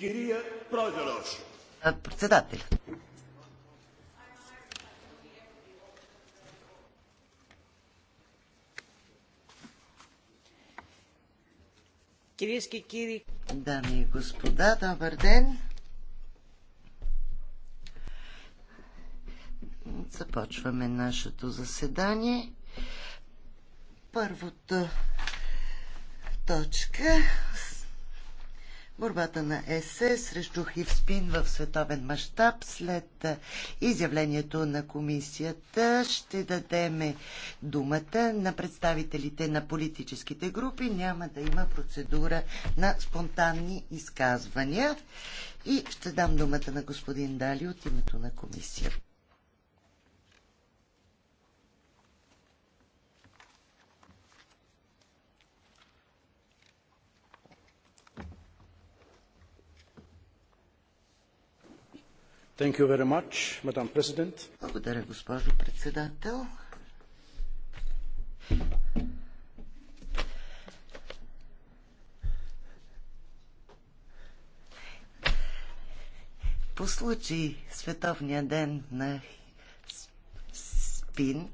Кирия Пройдерош. Председателя. Кирийски Кири. Дами и господа, добър ден. Започваме нашето заседание. Първата точка борбата на ЕС срещу Хивспин в световен мащаб след изявлението на комисията. Ще дадеме думата на представителите на политическите групи. Няма да има процедура на спонтанни изказвания. И ще дам думата на господин Дали от името на комисията. Благодаря, госпожо председател. По случай Световния ден на спин,